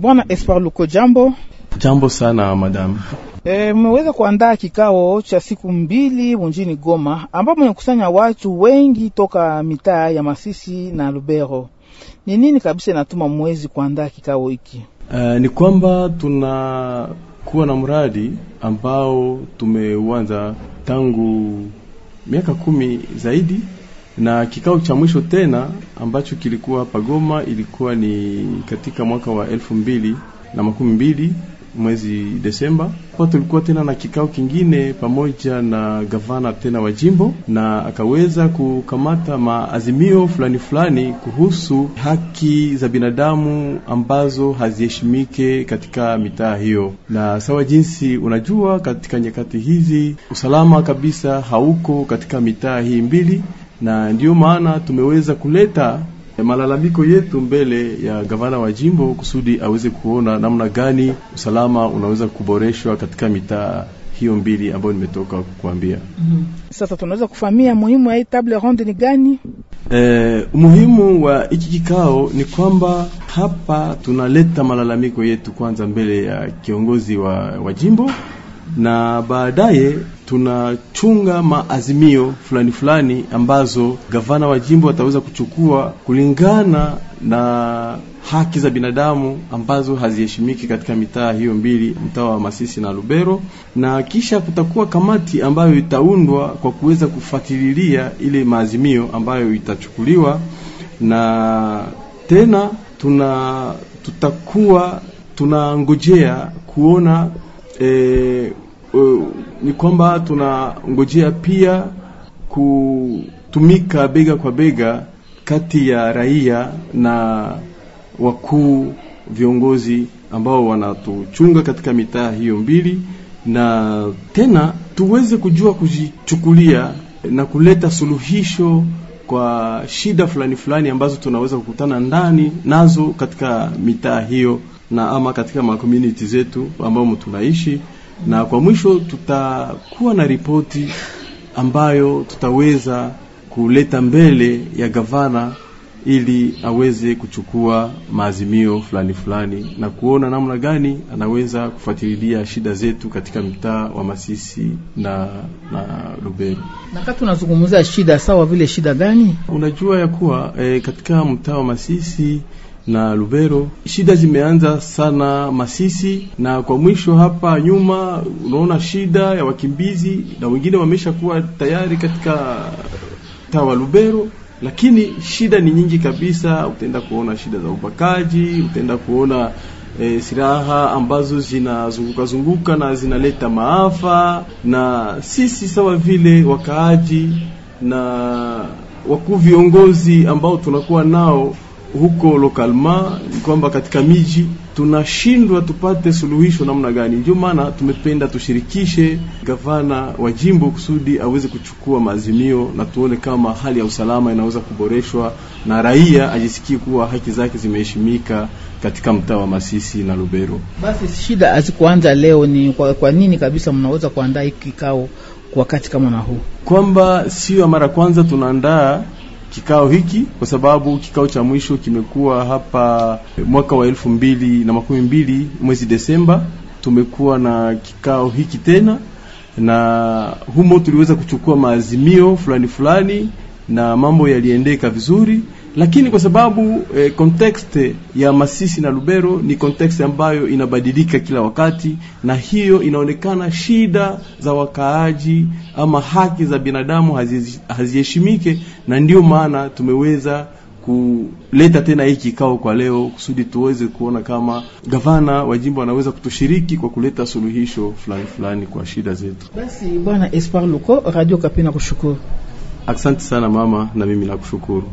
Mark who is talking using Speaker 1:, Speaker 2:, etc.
Speaker 1: Bwana Espar Luko, jambo.
Speaker 2: Jambo sana madam.
Speaker 1: E, mmeweza kuandaa kikao cha siku mbili mjini Goma ambapo mmekusanya watu wengi toka mitaa ya Masisi na Lubero. Ni nini kabisa inatuma mwezi kuandaa kikao hiki?
Speaker 2: Uh, ni kwamba tunakuwa na mradi ambao tumeuanza tangu miaka kumi zaidi na kikao cha mwisho tena ambacho kilikuwa hapa Goma ilikuwa ni katika mwaka wa elfu mbili na makumi mbili mwezi Desemba kwa tulikuwa tena na kikao kingine pamoja na gavana tena wa jimbo, na akaweza kukamata maazimio fulani fulani kuhusu haki za binadamu ambazo haziheshimike katika mitaa hiyo. Na sawa jinsi unajua, katika nyakati hizi usalama kabisa hauko katika mitaa hii mbili, na ndiyo maana tumeweza kuleta malalamiko yetu mbele ya gavana wa jimbo kusudi aweze kuona namna gani usalama unaweza kuboreshwa katika mitaa hiyo mbili ambayo nimetoka kukuambia. Mm
Speaker 1: -hmm. Sasa tunaweza kufahamia muhimu ya table ronde ni gani?
Speaker 2: Eh, umuhimu wa hiki kikao ni kwamba hapa tunaleta malalamiko yetu kwanza mbele ya kiongozi wa, wa jimbo na baadaye tunachunga maazimio fulani fulani ambazo gavana wa jimbo wataweza kuchukua kulingana na haki za binadamu ambazo haziheshimiki katika mitaa hiyo mbili, mtaa wa Masisi na Lubero, na kisha kutakuwa kamati ambayo itaundwa kwa kuweza kufuatilia ile maazimio ambayo itachukuliwa, na tena tuna tutakuwa tunangojea kuona e, ni kwamba tunangojea pia kutumika bega kwa bega kati ya raia na wakuu viongozi ambao wanatuchunga katika mitaa hiyo mbili, na tena tuweze kujua kujichukulia na kuleta suluhisho kwa shida fulani fulani ambazo tunaweza kukutana ndani nazo katika mitaa hiyo na ama katika makomuniti zetu ambamo tunaishi na kwa mwisho tutakuwa na ripoti ambayo tutaweza kuleta mbele ya gavana ili aweze kuchukua maazimio fulani fulani na kuona namna gani anaweza kufuatilia shida zetu katika mtaa wa Masisi na na Lubero.
Speaker 1: Na kati tunazungumzia shida sawa vile shida gani? Unajua
Speaker 2: ya kuwa e, katika mtaa wa Masisi na Lubero. Shida zimeanza sana Masisi, na kwa mwisho hapa nyuma unaona shida ya wakimbizi na wengine wamesha kuwa tayari katika tawa Lubero lakini shida ni nyingi kabisa. Utaenda kuona shida za ubakaji, utaenda kuona e, silaha ambazo zinazunguka zunguka na zinaleta maafa, na sisi sawa vile wakaaji na wakuu viongozi ambao tunakuwa nao huko lokalma ni kwamba katika miji tunashindwa tupate suluhisho namna gani. Ndio maana tumependa tushirikishe gavana wa jimbo kusudi aweze kuchukua maazimio na tuone kama hali ya usalama inaweza kuboreshwa na raia ajisikie kuwa haki zake zimeheshimika katika mtaa wa Masisi na Lubero.
Speaker 1: Basi shida hazikuanza leo. Ni kwa, kwa nini kabisa mnaweza kuandaa hiki kikao wakati kama na huu,
Speaker 2: kwamba sio ya mara kwanza tunaandaa kikao hiki kwa sababu kikao cha mwisho kimekuwa hapa mwaka wa elfu mbili na makumi mbili mwezi Desemba. Tumekuwa na kikao hiki tena, na humo tuliweza kuchukua maazimio fulani fulani na mambo yaliendeka vizuri lakini kwa sababu eh, kontekste ya Masisi na Lubero ni kontekste ambayo inabadilika kila wakati, na hiyo inaonekana shida za wakaaji ama haki za binadamu haziheshimike, na ndio maana tumeweza kuleta tena hii kikao kwa leo kusudi tuweze kuona kama gavana wa jimbo anaweza kutushiriki kwa kuleta suluhisho fulani fulani kwa shida zetu.
Speaker 1: Basi bwana Espoir Luko, Radio Kapina, kushukuru.
Speaker 2: Asante sana mama, na mimi nakushukuru.